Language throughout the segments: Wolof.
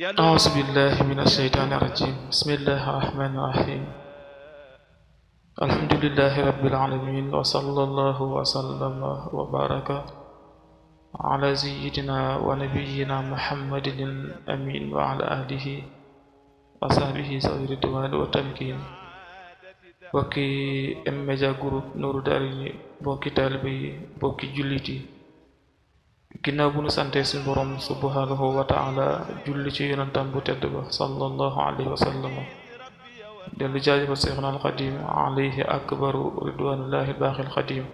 أعوذ بالله من الشيطان الرجيم بسم الله الرحمن الرحيم الحمد لله رب العالمين وصلى الله وسلم وبارك على سيدنا ونبينا محمد الأمين وعلى آله وصحبه ذوي الرضوان والتمكين bokki M Media Group Nourou Darayni bokki taalibe yi bokki jullit yi ginnaaw bu nu santee suñu borom subhanahu wa taala julli ci yonentam bu tedd ba sallallahu alayhi wa sallam dellu jaajëfal seexna alxadim alayhi akbaru ridwanullahi baaxil xadim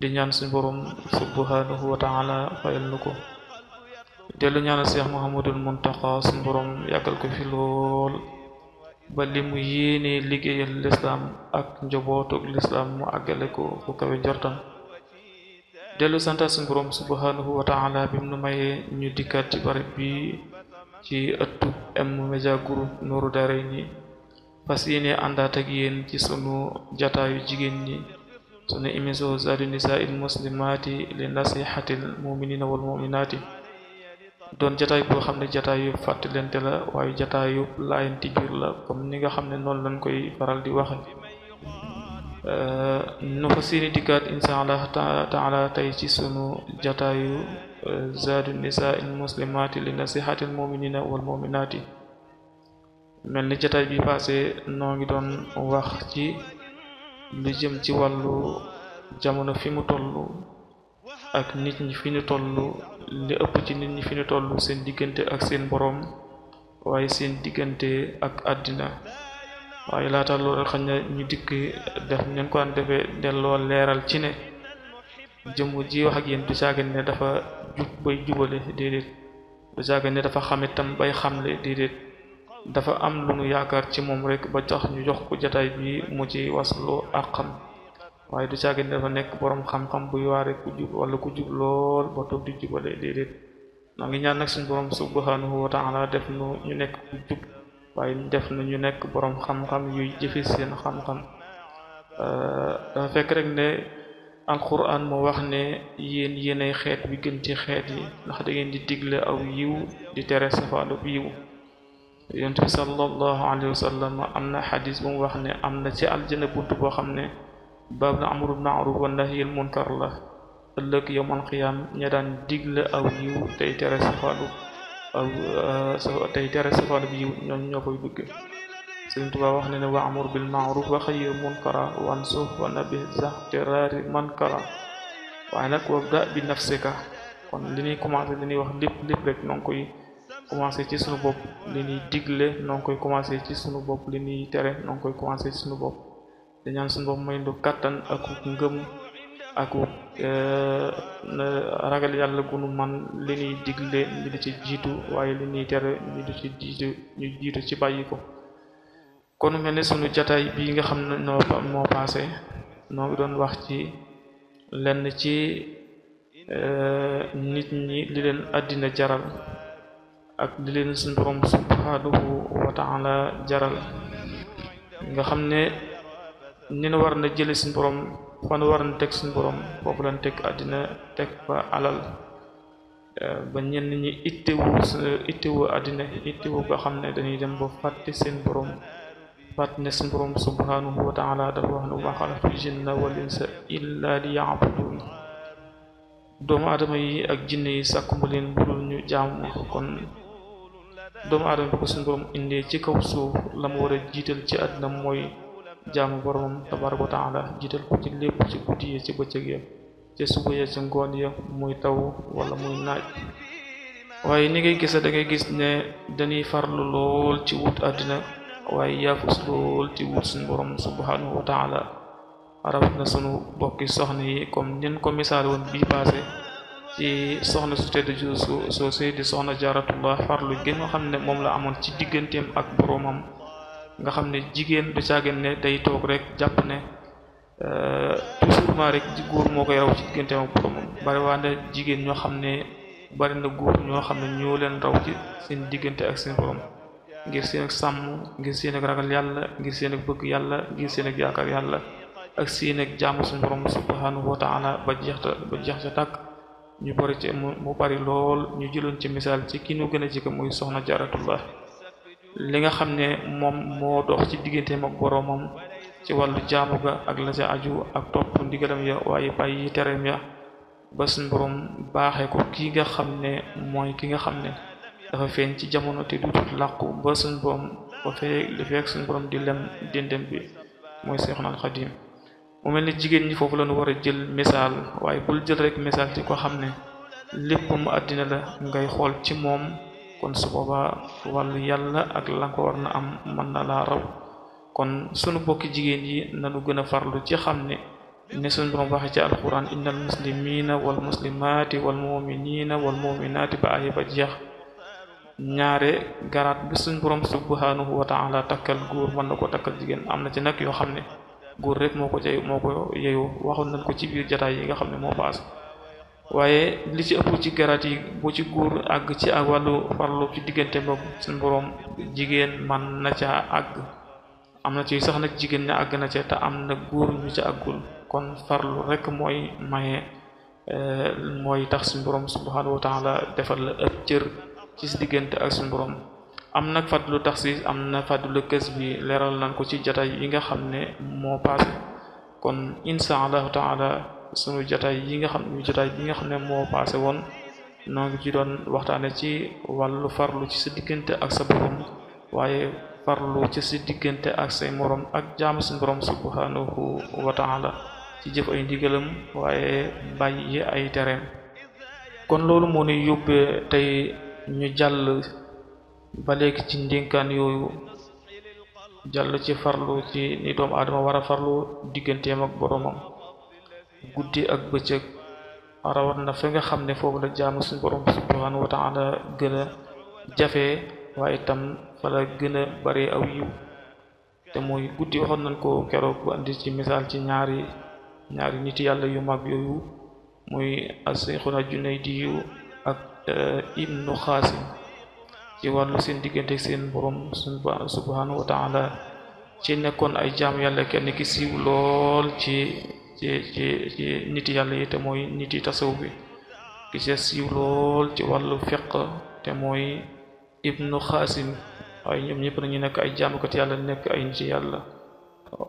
di ñaan suñu borom subhanahu wa taala fayal nu ko dellu ñaanal seex muhammadul muntaqa suñu borom yàggal ko fi lool ba li mu liggéeyal lislaam ak njobootuk lislaam mu àggale ko fu kawe dellu santa suñu borom subhanahu wa taala bi mu nu mayee ñu dikkaat ci barab bi ci ëttu M-Media Group Nourou Darayni fas yéene àndaat ak yéen ci sunu jataayu jigéen ñi sunu émission zaadu nisaa'il muslimaati li nasihatil muminina wal muminaati doon jataay boo xam ne jataayu fàttalante la waaye jataayu laayanti biir la comme ni nga xam ne noonu lañ koy faral di waxe nu fa siini dikkaat insha allah taala tey ci sunu jataayu eh, zaadu nisaa il muslimaati li nasihati al muminina wal muminaati mel ni jataay bi passé noo ngi doon wax ci lu jëm ci wàllu jamono fi mu tollu ak nit ñi fi ñu tollu ëpp ci nit ñi fi ñu tollu seen diggante ak seen boroom waaye seen diggante ak àddina waaye laata loolu xañ na ñu dikk def ñeen ko an defee delloo leeral ci ne jëmm ji wax ak yéen du saagan ne dafa jub bay jubale déedéet du saagan ne dafa xam itam bay xamle déedéet dafa am lu nu yaakaar ci moom rek ba tax ñu jox ko jataay bi mu ci wasloo ak xam waaye du saagan ne dafa nekk borom xam-xam buy waare ku jub wala ku jub lool ba toog di jubale déedéet maa ngi nag suñu borom subhanahu wa taala def nu ñu nekk ku jub waaye def nañu nekk boroom xam-xam yuy jëfe seen xam-xam euh, fekk rek ne alquran moo wax ne yéen yéenay xeet bi gën ci xeet yi ndax da ngeen di digle aw yiw di tere safaanub yiw yonent bi sallallahu alayhi wa am na xadis bu wax ne am na ci aljana bunt boo xam ne baab la amru bil ma'ruf wa nahyil munkar la ëllëg yawmal qiyaam ña daan digle aw yiw tey tere safaanub Euh, tey tere safaan bi ñoom ñoo koy dugge Sëriñ Tuubaa wax ne ne wa amur bil ma'ruf wa xayir munkara wan suuf wa nabi zaxtiraari mankara waaye nag wabda bi nafsika kon li ñuy commencé li ñuy wax lépp lépp rek noo ngi koy commencé ci suñu bop li ñuy digle noo koy commencé ci suñu bopp li ñuy tere noo koy commencé ci suñu bopp dañaan suñu bopp may ndu kattan ak ngëm ak Euh, ragal yàlla gunu man li ñuy digle ñu ci jiitu waaye li ñuy tere ñu ci jiitu ñu jiitu ci bàyyi ko kon mel ni sunu jataay bii nga xam ne noo moo passé noo doon wax ci lenn ci euh, nit ñi li leen àddina jaral ak li leen suñu borom subhanahu wa ta'ala jaral nga xam ne ni war na jële suñu borom fan war teg suñu borom foofu lañ teg àddina teg fa alal eh, ba ñenn ñi ittewu ittewu àddina ittewu nga xam ne dañuy dem ba fàtte seen borom fàtte ne seen borom subhanahu wa taala dafa wax ne wa jinna wal insa illa li yaabudun doomu aadama yi ak jinne yi sàkku ma leen budul ñu jaamu kon doomu aadama bi ko suñu borom indee ci kaw suuf la mu war jiital ci àddina mooy jaamu boroom tabaraka wa taala jiital ko ci lépp ci guddi yi ci bëccëg ya ci suba ya ci ngoon ya muy taw wala muy naaj waaye ni ngay gisa da ngay gis ne dañuy farlu lool ci wut àddina waaye yaafus lool ci wut suñu boroom subhanahu taala rawat na sunu bokki soxna yi comme nin ko misaal woon bii passé ci soxna su tedd ju soo sey di soxna jaratullah farlu gën xam ne moom la amoon ci digganteem ak boroomam nga xam ne jigéen du caagin ne day toog rek jàpp ne euh, toujours ma rek góor moo koy raw ci digganteem ak boromam bari waa na jigéen ñoo xam ne bari na góor ñoo xam ne ñoo leen raw ci seen diggante ak seen borom ngir seen ak sàmm ngir seen ak ragal yàlla ngir seen ak bëgg yàlla ngir seen ak yaakaar yàlla ak seen ak jaamu suñu borom subhanahu wa taala ba jeex ba jeex ca takk ñu bari ci mu bari lool ñu jëloon ci misaal ci ki ñu gën a jege muy soxna Jaaratullah li nga xam ne moom moo dox ci digganteem ak boroomam ci wàllu jaamu ga ak la ca aju ak topp ndigalam ya waaye bàyyi tereem ya ba suñ boroom baaxee ko kii nga xam ne mooy ki nga xam ne dafa feeñ ci jamono te duutul làqu ba suñ boroom ba fee li suñ boroom di lem dendem bi mooy Seexul Xadiim mu mel ni jigéen ñi foofu lañu war a jël misaal waaye bul jël rek misaal ci ko xam ne lépp mu àddina la ngay xool ci moom kon su boobaa wàllu yàlla ak la ko war na am man na laa raw kon sunu bokki jigéen yi nanu gën a farlu ci xam ne ne sunu borom waxe ci alquran innal muslimina wal muslimati wal muminina wal muminati ba aye ba jeex ñaare garaat bi suñ borom subhanahu wa taala takkal góor mën na ko takkal jigéen am na ci nag yoo xam ne góor rek moo ko jey moo ko waxoon nañ ko ci biir jataay yi nga xam ne moo paas waaye li ci ëpp ci garaat yi bu ci góor àgg ci ak wàllu farlu ci diggante boobu suñ boroom jigéen man na ca àgg am na ci sax na jigéen ña àgg na ca te am na góor ñu ca àggul kon farlu rekk mooy maye eh, mooy tax suñ boroom subhanahu wa taala defal la ëpp cër ci si ak suñ boroom am nag fadlu tax si am na fadlu kës bi leeral nañ ko ci jataay yi nga xam ne moo paase kon insha allahu taala sunu jotaay yi nga xam jotaay yi nga xam ne moo paase woon noo ngi ci doon waxtaane ci wàllu farlu ci sa diggante ak sa borom waaye farlu ci sa diggante ak say morom ak jaamu suñu borom subhanahu wa taala ci jëf ay ndigalam waaye bàyyi ay tereem kon loolu moo ne yóbbee tey ñu jàll ba léegi ci ndénkaan yooyu jàll ci farlu ci ni doomu aadama farlu digganteem ak boromam guddi ak bëccëg rawat na fi xam ne foofu la jaamu suñu borom subhanahu wa taala gën a jafee waaye itam fa la gën a bare te mooy guddi waxoon nañ ko keroog bu andi ci misaal ci ñaari ñaari nit yàlla yu mag yooyu muy asixuna junaydi yu ak eh, ibnu xaasim ci wàllu seen diggante seen borom subhanahu wa taala ci nekkoon ay jaam yàlla kenn ki siiw lool ci ci ci ci niti yàlla yi te mooy niti tasaw bi ki ci siiw lool ci wàllu fiq te mooy ibnu xaasim waaye ñoom ñëpp nañu nekk ay jaamukat yàlla nekk ay niti yàlla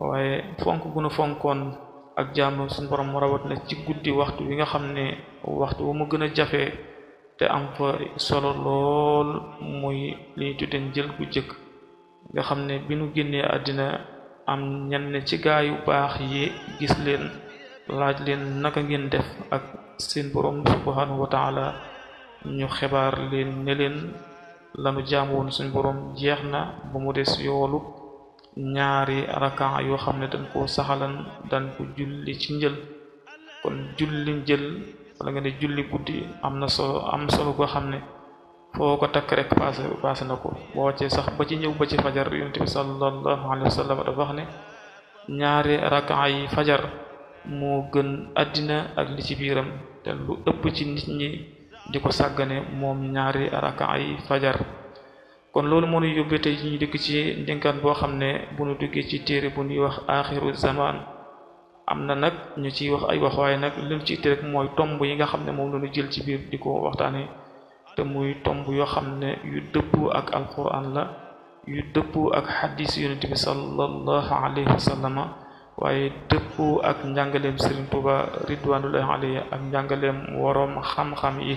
waaye fonk gunu fonkoon ak jaamu suñ borom rawat na ci guddi waxtu bi nga xam ne waxtu bu mu gën a jafe te am fa solo lool mooy li ñu tuddee njël bu jëkk nga xam ne bi nu génnee àddina am ñenn ci gaa yu baax yi gis leen laaj leen naka ngeen def ak seen borom subhanahu wa taala ñu xebaar leen ne leen lanu jaamu woon suñ borom jeex na ba mu des yoolu ñaari raka yoo xam ne dañ ko saxalan dañ ko julli ci njël kon julli njël wala am solo am solo koo xam ne foo ko takk rek passé passé na ko boo wàccee sax ba ci ñëw ba ci fajar yonent bi sallallahu alayhi wa sallam dafa wax ne ñaari rakaa yi fajar moo gën àddina ak li ci biiram te lu ëpp ci nit ñi di ko sàggane moom ñaari rakaa yi fajar kon loolu moo ñu yóbbee tey ñu dikk ci ndénkaan boo xam ne bu ñu duggee ci téere bu ñuy wax axiru zaman am na nag ñu ciy wax ay wax waaye nag lim ci itte rek mooy tomb yi nga xam ne moom la ñu jël ci biir di ko waxtaanee te muy tomb yoo xam ne yu dëppoo ak alquran la yu dëppoo ak xadis yonent bi sallallahu alayhi waaye dëpp ak njàngaleem Serigne Touba ridwanullahi ak njàngaleem waroom xam-xam yi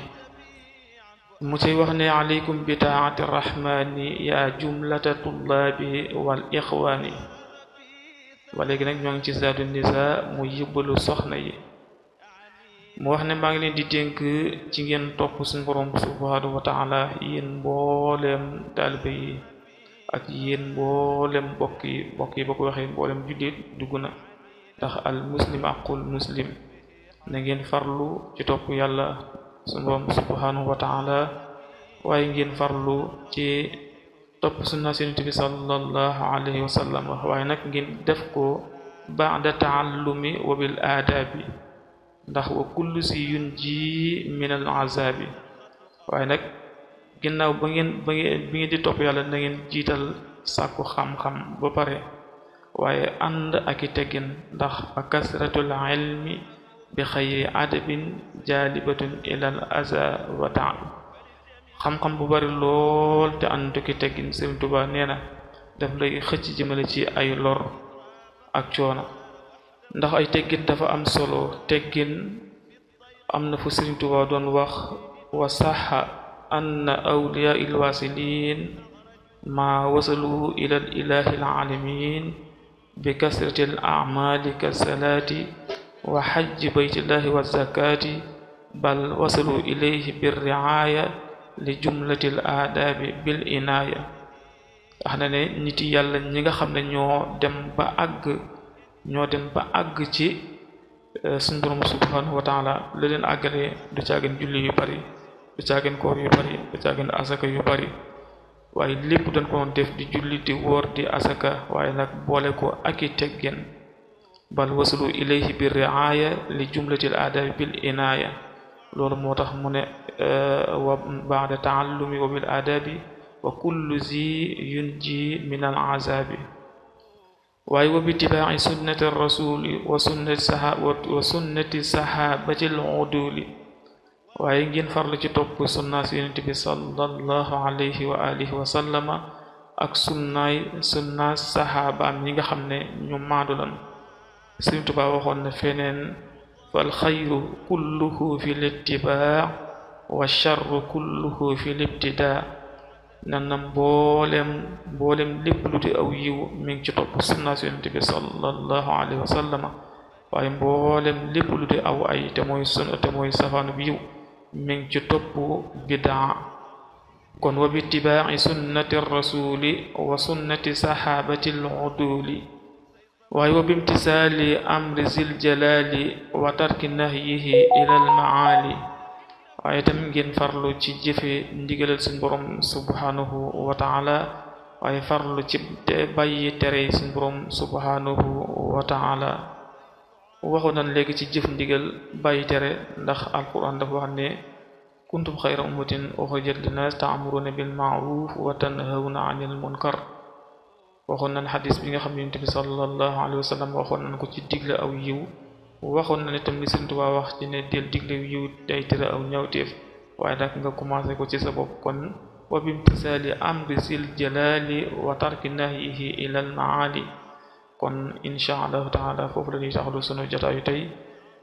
mu cay wax ne aleykum bi taati rahmani ya jumlata tullaabi wal ixwaani ba léegi nag ñoo ngi ci zaadu nisa mu yëbbalu soxna yi mu wax ne maa ngi leen di dénk ci ngen topp suñu borom subhanahu wa taala yéen mboolem taalibe yi ak yéen mboolem mbokk yi mbokk yi ba ko waxee mboolem jullit dugg na ndax al muslim aqul muslim na ngeen farlu ci topp yàlla suñu borom wa taala waaye ngeen farlu ci topp sunna Yonent bi sallallahu alayhi wa sallam waaye nag ngeen def ko ba'da taallumi wa bil aadaabi ndax wa kullu yun ji min al azabi waaye nag ginnaaw ba ngeen ba ngeen di topp yàlla na jiital sàkku xam-xam ba pare waaye ànd ak i teggin ndax fa kasratul ilmi bi xayri adabin jaalibatun ilal aza wa xam-xam bu bari lool te ànd ki teggin Sëriñ Tuubaa nee na daf lay xëcc jëmale ci ay lor ak coono ndax ay teggin dafa am solo teggin am na fu Sëriñ Tuubaa doon wax wa saxa anna awliya ilwasilin ma wasalu ila l ilahi alalamin bi kasrati al amali ka salaati wa xajji baytillahi wa zakaati bal wasalu ilayhi bi riaya li jumlati l aadaabi inaaya wax na ne niti ñi nga xam ne ñoo dem ba àgg ñoo dem ba àgg ci euh, suñu borom subhanahu wa taala la du caagin julli yu bari du caagin koor yu bari du caagin asaka yu bari waaye lépp dañ ko def di julli di wóor di asaka waaye nag boole ko ak i teggin bal wasalu ilayhi bi riaya li jumlatil aadabi bil inaaya loolu moo tax mu ne euh, wa baada taallumi wa bil aadabi wa kullu zi yunji min al azabi waaye wa bitibaa'i sunnati rasuli wa sunnati sahaaba wa sunnati waaye ngeen farlu ci topp sunnaas yonent bi sallallahu alayhi wa alihi wa nga xam ne ñu maadu lan Sëriñ Tuubaa waxoon feneen fal xayru kulluhu fi l ittiba wa charru fi l nan na mbooleem mbooleem lépp lu di aw yiw mi ngi ci topp sunna su yonent bi sallallahu alayhi wa sallam mi ngi ci topp bidaa kon wa bitibaaci sunnati rasuli wa sunnati saxaabati aluduli waaye wa bimtisaali amri zil jalaali wa tarki nahyihi ila almaali waaye itam ngeen farlu ci jëfe ndigalal suñ borom subhanahu wa taala waaye farlu ci bàyyi tere suñ borom subhanahu wa taala waxoon nañ léegi ci jëf ndigal bàyyi tere ndax alquran dafa wax ne kuntum xayra ummatin uxrijat linnaas ta'muruna bil ma'ruf wa tanhawna 'anil munkar waxoon nañ bi nga xam ne Yonent bi sallallahu alayhi wa sallam ko ci digle aw yiw waxoon na ne tam li Sëriñ Tuubaa wax ci ne del digle yiw day aw ñawteef waaye nag nga commencé ko ci sa bopp kon wa bimtisaali amri sil jalali wa tarki nahyihi ilal maali kon insha allahu taala foofu la ñuy taxalu sunu jotaayu tey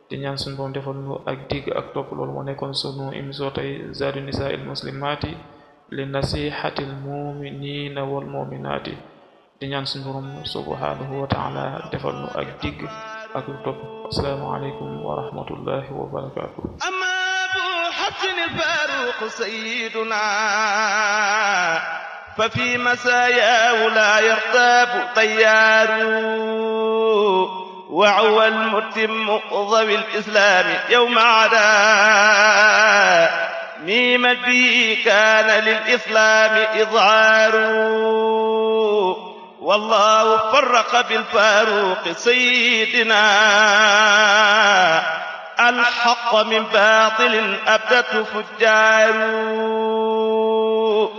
di ñaan sunu boom defal nu ak digg ak topp loolu moo nekkoon sunu émission tey zaadu nisaa il muslimaati li nasihati l muminina wal muminaati di ñaan sunu borom subhanahu wa taala defal nu ak digg ak lu topp asalaamaaleykum wa rahmatullahi wa barakaatu ama bu xasin alfaruq sayiduna fa fi masaayaahu laa yartaabu tayyaaru وعوى المتم ذوي الإسلام يوم عدا ميم بي كان للإسلام إظهار والله فرق بالفاروق سيدنا الحق من باطل أبدته فجار